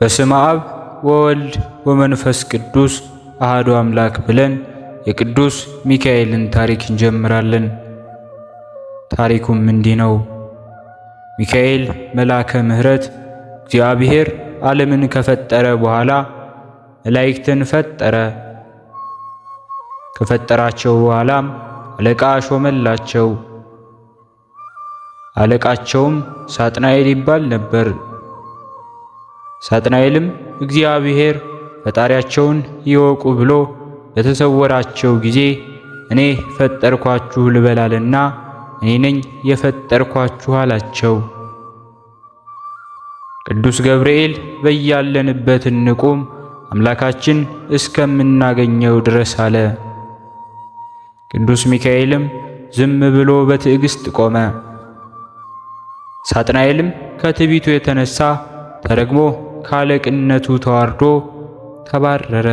በስመ አብ ወወልድ ወመንፈስ ቅዱስ አህዶ አምላክ ብለን የቅዱስ ሚካኤልን ታሪክ እንጀምራለን። ታሪኩም እንዲህ ነው። ሚካኤል መልአከ ምሕረት እግዚአብሔር ዓለምን ከፈጠረ በኋላ መላእክትን ፈጠረ። ከፈጠራቸው በኋላም አለቃ ሾመላቸው። አለቃቸውም ሳጥናኤል ይባል ነበር። ሳጥናኤልም እግዚአብሔር ፈጣሪያቸውን ይወቁ ብሎ በተሰወራቸው ጊዜ እኔ ፈጠርኳችሁ ልበላልና እኔ ነኝ የፈጠርኳችሁ አላቸው። ቅዱስ ገብርኤል በያለንበት እንቁም አምላካችን እስከምናገኘው ድረስ አለ። ቅዱስ ሚካኤልም ዝም ብሎ በትዕግስት ቆመ። ሳጥናኤልም ከትቢቱ የተነሳ ተረግሞ ካለቅነቱ ተዋርዶ ተባረረ።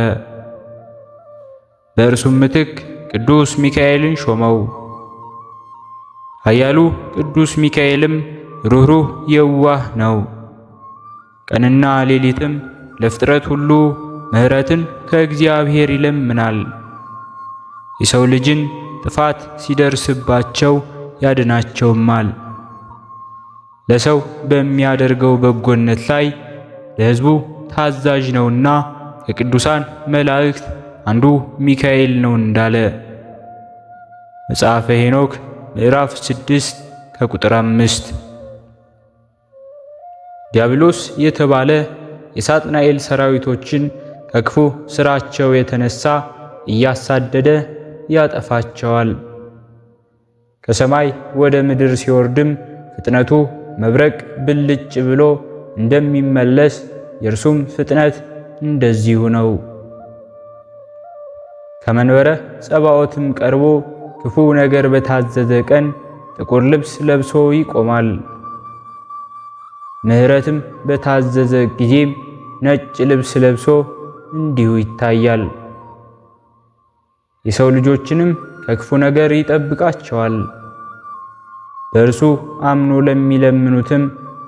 በእርሱም ምትክ ቅዱስ ሚካኤልን ሾመው። ኃያሉ ቅዱስ ሚካኤልም ሩኅሩህ የዋህ ነው። ቀንና ሌሊትም ለፍጥረት ሁሉ ምሕረትን ከእግዚአብሔር ይለምናል። የሰው ልጅን ጥፋት ሲደርስባቸው ያድናቸውማል። ለሰው በሚያደርገው በጎነት ላይ ለሕዝቡ ታዛዥ ነውና ከቅዱሳን መላእክት አንዱ ሚካኤል ነው እንዳለ መጽሐፈ ሄኖክ ምዕራፍ 6 ከቁጥር 5። ዲያብሎስ የተባለ የሳጥናኤል ሰራዊቶችን ከክፉ ስራቸው የተነሳ እያሳደደ ያጠፋቸዋል። ከሰማይ ወደ ምድር ሲወርድም ፍጥነቱ መብረቅ ብልጭ ብሎ እንደሚመለስ የእርሱም ፍጥነት እንደዚሁ ነው። ከመንበረ ጸባዖትም ቀርቦ ክፉ ነገር በታዘዘ ቀን ጥቁር ልብስ ለብሶ ይቆማል። ምሕረትም በታዘዘ ጊዜም ነጭ ልብስ ለብሶ እንዲሁ ይታያል። የሰው ልጆችንም ከክፉ ነገር ይጠብቃቸዋል። በእርሱ አምኖ ለሚለምኑትም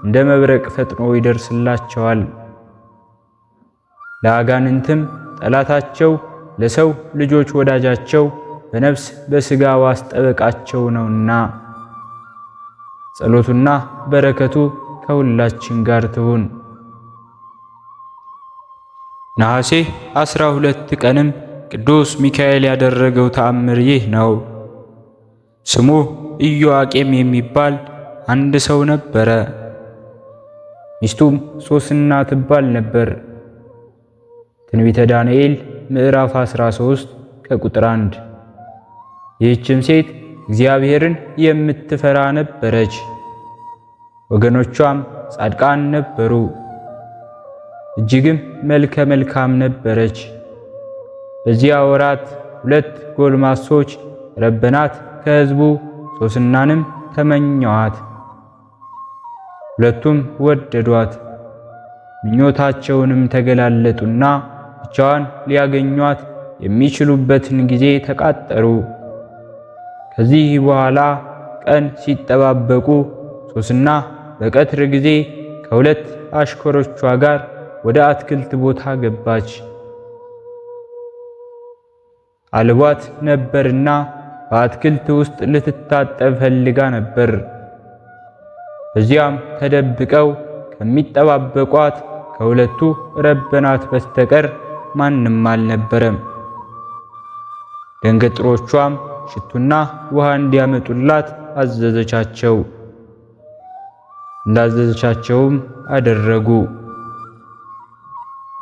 እንደ መብረቅ ፈጥኖ ይደርስላቸዋል። ለአጋንንትም ጠላታቸው፣ ለሰው ልጆች ወዳጃቸው፣ በነፍስ በሥጋ ዋስ ጠበቃቸው ነውና ጸሎቱና በረከቱ ከሁላችን ጋር ትሁን። ነሐሴ ዐሥራ ሁለት ቀንም ቅዱስ ሚካኤል ያደረገው ተአምር ይህ ነው። ስሙ ኢዮአቄም የሚባል አንድ ሰው ነበረ። ሚስቱም ሶስና ትባል ነበር። ትንቢተ ዳንኤል ምዕራፍ 13 ከቁጥር 1። ይህችም ሴት እግዚአብሔርን የምትፈራ ነበረች፣ ወገኖቿም ጻድቃን ነበሩ፣ እጅግም መልከ መልካም ነበረች። በዚያ ወራት ሁለት ጎልማሶች ረበናት ከሕዝቡ ሶስናንም ተመኘዋት። ሁለቱም ወደዷት። ምኞታቸውንም ተገላለጡና ብቻዋን ሊያገኟት የሚችሉበትን ጊዜ ተቃጠሩ። ከዚህ በኋላ ቀን ሲጠባበቁ ሶስና በቀትር ጊዜ ከሁለት አሽከሮቿ ጋር ወደ አትክልት ቦታ ገባች። አልቧት ነበርና በአትክልት ውስጥ ልትታጠብ ፈልጋ ነበር። በዚያም ተደብቀው ከሚጠባበቋት ከሁለቱ ረበናት በስተቀር ማንም አልነበረም። ደንገጥሮቿም ሽቱና ውሃ እንዲያመጡላት አዘዘቻቸው። እንዳዘዘቻቸውም አደረጉ።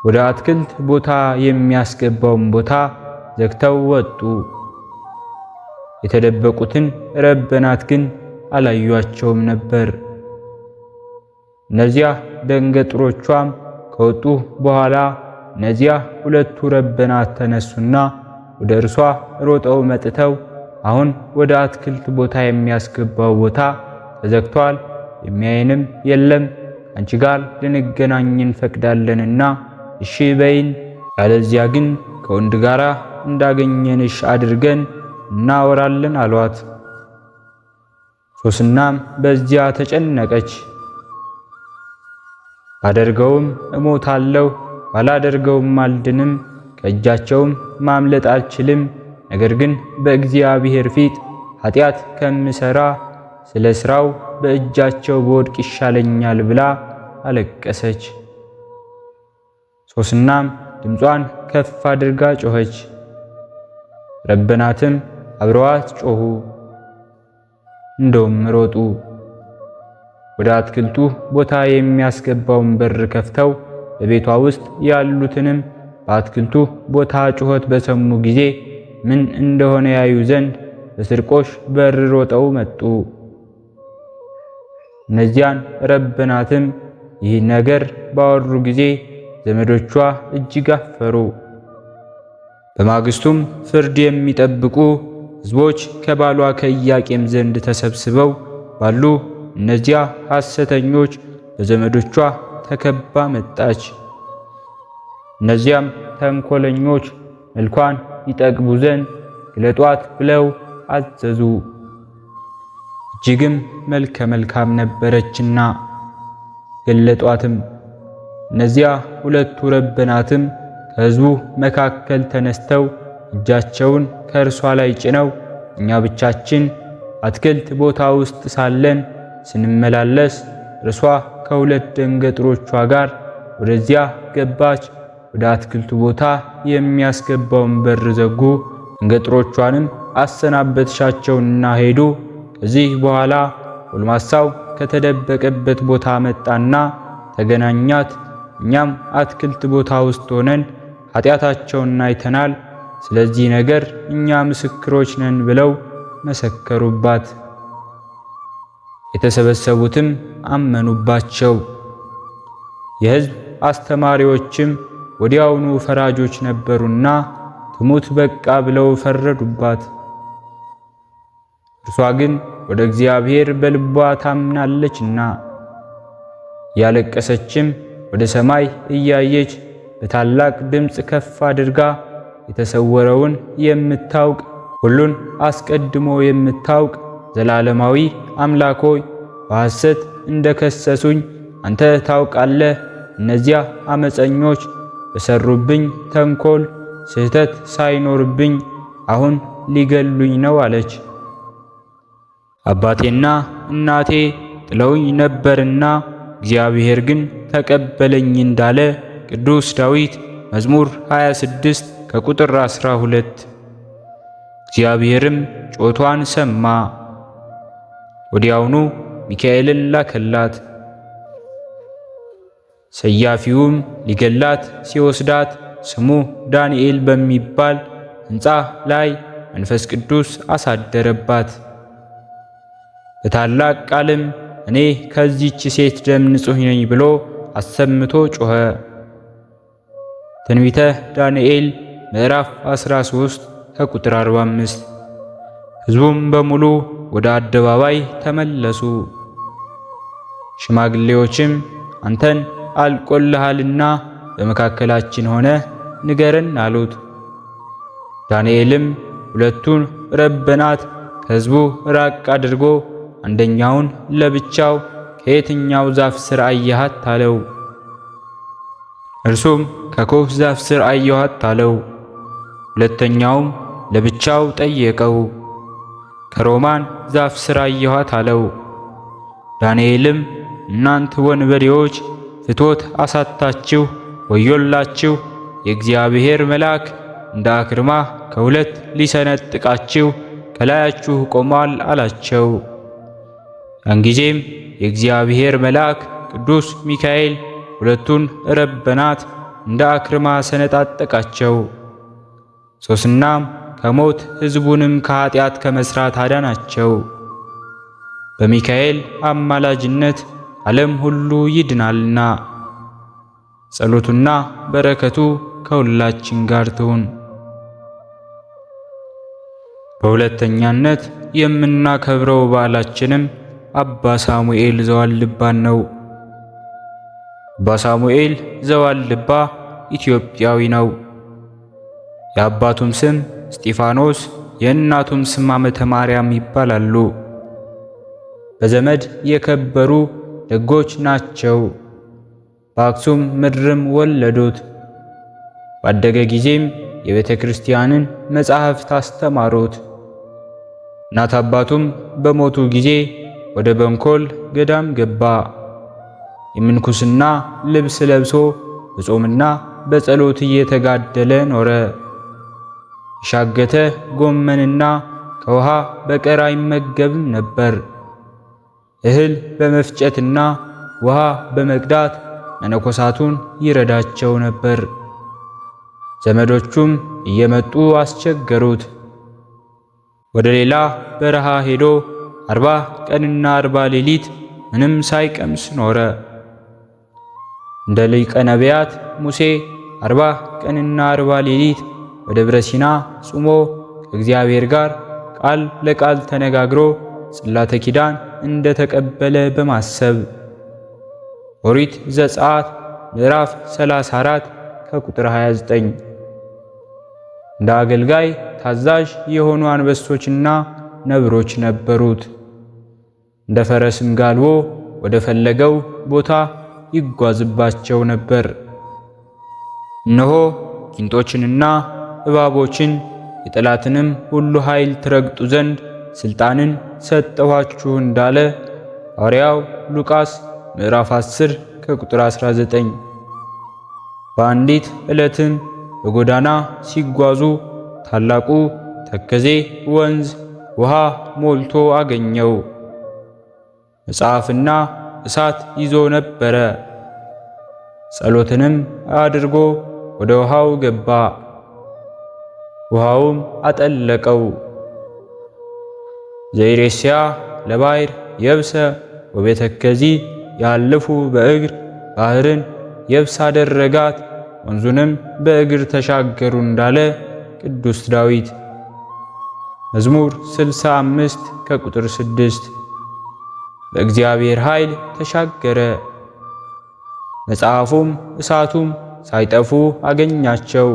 ወደ አትክልት ቦታ የሚያስገባውን ቦታ ዘግተው ወጡ። የተደበቁትን ረበናት ግን አላዩቸውም ነበር። እነዚያ ደንገጥሮቿም ከወጡ በኋላ እነዚያ ሁለቱ ረበናት ተነሱና ወደ እርሷ ሮጠው መጥተው አሁን ወደ አትክልት ቦታ የሚያስገባው ቦታ ተዘግቷል፣ የሚያይንም የለም። አንቺ ጋር ልንገናኝ እንፈቅዳለንና እሺ በይን፣ ያለዚያ ግን ከወንድ ጋራ እንዳገኘንሽ አድርገን እናወራለን አሏት። ሶስናም በዚያ ተጨነቀች። አደርገውም እሞታለሁ፣ ባላደርገውም አልድንም፣ ከእጃቸውም ማምለጥ አልችልም። ነገር ግን በእግዚአብሔር ፊት ኃጢአት ከምሰራ ስለ ስራው በእጃቸው በወድቅ ይሻለኛል ብላ አለቀሰች። ሶስናም ድምጿን ከፍ አድርጋ ጮኸች። ረበናትም አብረዋት ጮኹ፣ እንደውም ሮጡ። ወደ አትክልቱ ቦታ የሚያስገባውን በር ከፍተው በቤቷ ውስጥ ያሉትንም በአትክልቱ ቦታ ጩኸት በሰሙ ጊዜ ምን እንደሆነ ያዩ ዘንድ በስርቆሽ በር ሮጠው መጡ። እነዚያን ረበናትም ይህን ነገር ባወሩ ጊዜ ዘመዶቿ እጅግ አፈሩ። በማግስቱም ፍርድ የሚጠብቁ ሕዝቦች ከባሏ ከኢያቄም ዘንድ ተሰብስበው ባሉ እነዚያ ሐሰተኞች በዘመዶቿ ተከባ መጣች። እነዚያም ተንኮለኞች መልኳን ይጠግቡ ዘንድ ግለጧት ብለው አዘዙ። እጅግም መልከ መልካም ነበረችና ገለጧትም። እነዚያ ሁለቱ ረበናትም ከሕዝቡ መካከል ተነስተው እጃቸውን ከእርሷ ላይ ጭነው እኛ ብቻችን አትክልት ቦታ ውስጥ ሳለን ስንመላለስ እርሷ ከሁለት ደንገጥሮቿ ጋር ወደዚያ ገባች። ወደ አትክልቱ ቦታ የሚያስገባውን በር ዘጉ። ደንገጥሮቿንም አሰናበትሻቸውና ሄዱ። ከዚህ በኋላ ጎልማሳው ከተደበቀበት ቦታ መጣና ተገናኛት። እኛም አትክልት ቦታ ውስጥ ሆነን ኃጢአታቸውን አይተናል፣ ስለዚህ ነገር እኛ ምስክሮች ነን ብለው መሰከሩባት። የተሰበሰቡትም አመኑባቸው። የሕዝብ አስተማሪዎችም ወዲያውኑ ፈራጆች ነበሩና ትሙት በቃ ብለው ፈረዱባት። እርሷ ግን ወደ እግዚአብሔር በልቧ ታምናለችና ያለቀሰችም ወደ ሰማይ እያየች በታላቅ ድምፅ ከፍ አድርጋ የተሰወረውን የምታውቅ ሁሉን አስቀድሞ የምታውቅ ዘላለማዊ አምላክ ሆይ በሐሰት እንደ ከሰሱኝ አንተ ታውቃለህ። እነዚያ አመፀኞች በሰሩብኝ ተንኮል ስህተት ሳይኖርብኝ አሁን ሊገሉኝ ነው አለች። አባቴና እናቴ ጥለውኝ ነበርና እግዚአብሔር ግን ተቀበለኝ እንዳለ ቅዱስ ዳዊት መዝሙር 26 ከቁጥር 12። እግዚአብሔርም ጮቷን ሰማ ወዲያውኑ ሚካኤልን ላከላት። ሰያፊውም ሊገላት ሲወስዳት ስሙ ዳንኤል በሚባል ሕንፃ ላይ መንፈስ ቅዱስ አሳደረባት። በታላቅ ቃልም እኔ ከዚህች ሴት ደም ንጹሕ ነኝ ብሎ አሰምቶ ጮኸ። ትንቢተ ዳንኤል ምዕራፍ 13 ከቁጥር 45 ሕዝቡም በሙሉ ወደ አደባባይ ተመለሱ። ሽማግሌዎችም አንተን አልቆልሃልና በመካከላችን ሆነ ንገረን አሉት። ዳንኤልም ሁለቱን ረበናት ከሕዝቡ ራቅ አድርጎ አንደኛውን ለብቻው ከየትኛው ዛፍ ስር አየሃት አለው። እርሱም ከኮፍ ዛፍ ስር አየኋት አለው። ሁለተኛውም ለብቻው ጠየቀው። ከሮማን ዛፍ ሥር አየኋት አለው። ዳንኤልም እናንት ወንበዴዎች ፍቶት አሳታችሁ ወዮላችሁ፣ የእግዚአብሔር መልአክ እንደ አክርማ ከሁለት ሊሰነጥቃችሁ ከላያችሁ ቆሟል አላቸው። ያን የእግዚአብሔር መልአክ ቅዱስ ሚካኤል ሁለቱን ረበናት እንደ አክርማ ሰነጣጠቃቸው። ሶስናም ከሞት ሕዝቡንም ከኀጢአት ከመሥራት አዳናቸው። በሚካኤል አማላጅነት ዓለም ሁሉ ይድናልና ጸሎቱና በረከቱ ከሁላችን ጋር ትሁን። በሁለተኛነት የምናከብረው በዓላችንም አባ ሳሙኤል ዘዋልባን ነው። አባ ሳሙኤል ዘዋልባ ኢትዮጵያዊ ነው። የአባቱም ስም እስጢፋኖስ የእናቱም ስም ዓመተ ማርያም ይባላሉ። በዘመድ የከበሩ ደጎች ናቸው። በአክሱም ምድርም ወለዱት። ባደገ ጊዜም የቤተ ክርስቲያንን መጻሕፍት አስተማሩት። እናት አባቱም በሞቱ ጊዜ ወደ በንኮል ገዳም ገባ። የምንኩስና ልብስ ለብሶ በጾምና በጸሎት እየተጋደለ ኖረ። የሻገተ ጎመንና ከውሃ በቀር አይመገብም ነበር። እህል በመፍጨትና ውሃ በመቅዳት መነኮሳቱን ይረዳቸው ነበር። ዘመዶቹም እየመጡ አስቸገሩት። ወደ ሌላ በረሃ ሄዶ አርባ ቀንና አርባ ሌሊት ምንም ሳይቀምስ ኖረ። እንደ ሊቀ ነቢያት ሙሴ አርባ ቀንና አርባ ሌሊት በደብረ ሲና ጾሞ ከእግዚአብሔር ጋር ቃል ለቃል ተነጋግሮ ጽላተ ኪዳን እንደተቀበለ በማሰብ ኦሪት ዘጸአት ምዕራፍ 34 ከቁጥር 29 እንደ አገልጋይ ታዛዥ የሆኑ አንበሶችና ነብሮች ነበሩት። እንደ ፈረስም ጋልቦ ወደ ፈለገው ቦታ ይጓዝባቸው ነበር። እነሆ ጊንጦችንና እባቦችን የጠላትንም ሁሉ ኃይል ትረግጡ ዘንድ ሥልጣንን ሰጠኋችሁ እንዳለ ሐዋርያው ሉቃስ ምዕራፍ 10 ከቁጥር 19። በአንዲት ዕለትም በጎዳና ሲጓዙ ታላቁ ተከዜ ወንዝ ውሃ ሞልቶ አገኘው። መጽሐፍና እሳት ይዞ ነበረ። ጸሎትንም አድርጎ ወደ ውሃው ገባ። ውሃውም አጠለቀው። ዘይሬስያ ለባይር የብሰ ወቤተከዚ ያልፉ በእግር ባህርን የብስ አደረጋት ወንዙንም በእግር ተሻገሩ እንዳለ ቅዱስ ዳዊት መዝሙር 65 ከቁጥር 6። በእግዚአብሔር ኃይል ተሻገረ፣ መጽሐፉም እሳቱም ሳይጠፉ አገኛቸው።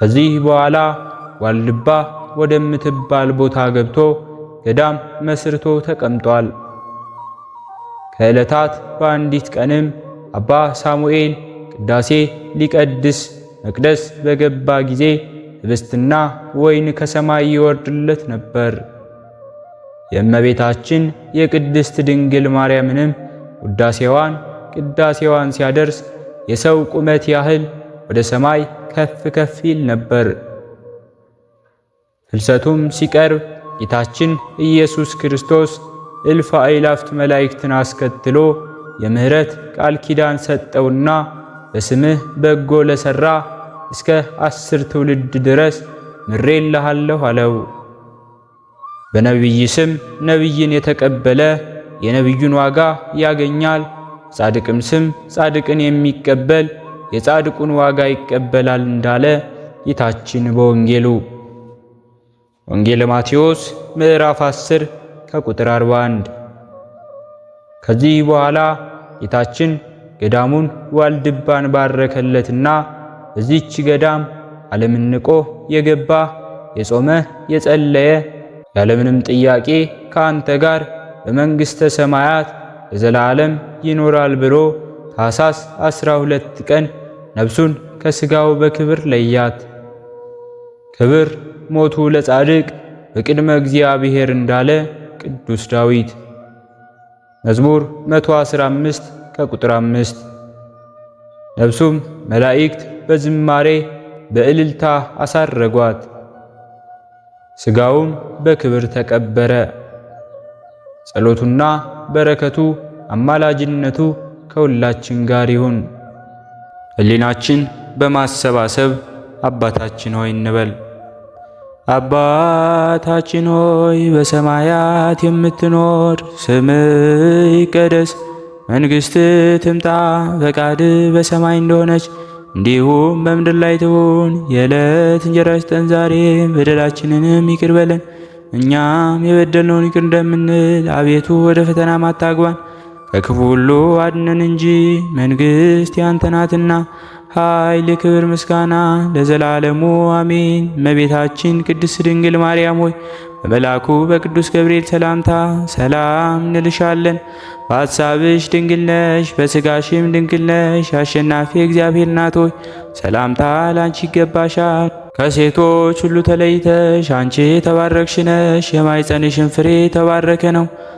ከዚህ በኋላ ዋልድባ ወደምትባል ቦታ ገብቶ ገዳም መስርቶ ተቀምጧል። ከዕለታት በአንዲት ቀንም አባ ሳሙኤል ቅዳሴ ሊቀድስ መቅደስ በገባ ጊዜ ህብስትና ወይን ከሰማይ ይወርድለት ነበር። የእመቤታችን የቅድስት ድንግል ማርያምንም ውዳሴዋን ቅዳሴዋን ሲያደርስ የሰው ቁመት ያህል ወደ ሰማይ ከፍ ከፍ ይል ነበር። ፍልሰቱም ሲቀርብ ጌታችን ኢየሱስ ክርስቶስ እልፍ አእላፍት መላእክትን አስከትሎ የምሕረት ቃል ኪዳን ሰጠውና በስምህ በጎ ለሠራ እስከ አስር ትውልድ ድረስ ምሬልሃለሁ አለው። በነቢይ ስም ነቢይን የተቀበለ የነቢዩን ዋጋ ያገኛል። ጻድቅም ስም ጻድቅን የሚቀበል የጻድቁን ዋጋ ይቀበላል እንዳለ ጌታችን በወንጌሉ ወንጌለ ማቴዎስ ምዕራፍ 10 ከቁጥር 41። ከዚህ በኋላ ጌታችን ገዳሙን ዋልድባን ባረከለትና በዚህች ገዳም ዓለምን ንቆ የገባ የጾመ የጸለየ ያለምንም ጥያቄ ከአንተ ጋር በመንግሥተ ሰማያት ለዘላለም ይኖራል ብሎ ታኅሳስ 12 ቀን ነፍሱን ከስጋው በክብር ለያት። ክብር ሞቱ ለጻድቅ በቅድመ እግዚአብሔር እንዳለ ቅዱስ ዳዊት መዝሙር 115 ከቁጥር 5። ነፍሱም መላእክት በዝማሬ በእልልታ አሳረጓት፣ ስጋውም በክብር ተቀበረ። ጸሎቱና በረከቱ አማላጅነቱ ከሁላችን ጋር ይሁን። ህሊናችን በማሰባሰብ አባታችን ሆይ እንበል። አባታችን ሆይ በሰማያት የምትኖር፣ ስምህ ይቀደስ፣ መንግሥት ትምጣ፣ ፈቃድ በሰማይ እንደሆነች እንዲሁም በምድር ላይ ትሁን። የዕለት እንጀራች ስጠን ዛሬ፣ በደላችንንም ይቅር በለን እኛም የበደልነውን ይቅር እንደምንል፣ አቤቱ ወደ ፈተና ማታግባን ከክፉ ሁሉ አድነን እንጂ መንግስት ያንተ ናትና ኃይል፣ ክብር፣ ምስጋና ለዘላለሙ አሜን። እመቤታችን ቅድስት ድንግል ማርያም ሆይ በመልአኩ በቅዱስ ገብርኤል ሰላምታ ሰላም እንልሻለን። በሐሳብሽ ድንግል ነሽ፣ በስጋሽም ድንግል ነሽ። አሸናፊ እግዚአብሔር ናት ሆይ ሰላምታ ላንቺ ይገባሻል። ከሴቶች ሁሉ ተለይተሽ አንቺ የተባረክሽ ነሽ። የማኅፀንሽን ፍሬ የተባረከ ነው።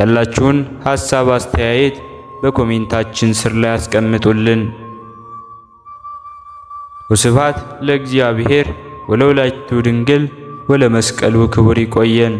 ያላችሁን ሐሳብ አስተያየት በኮሜንታችን ስር ላይ አስቀምጡልን። ወስብሐት ለእግዚአብሔር ወለወላዲቱ ድንግል ወለመስቀሉ ክቡር። ይቆየን።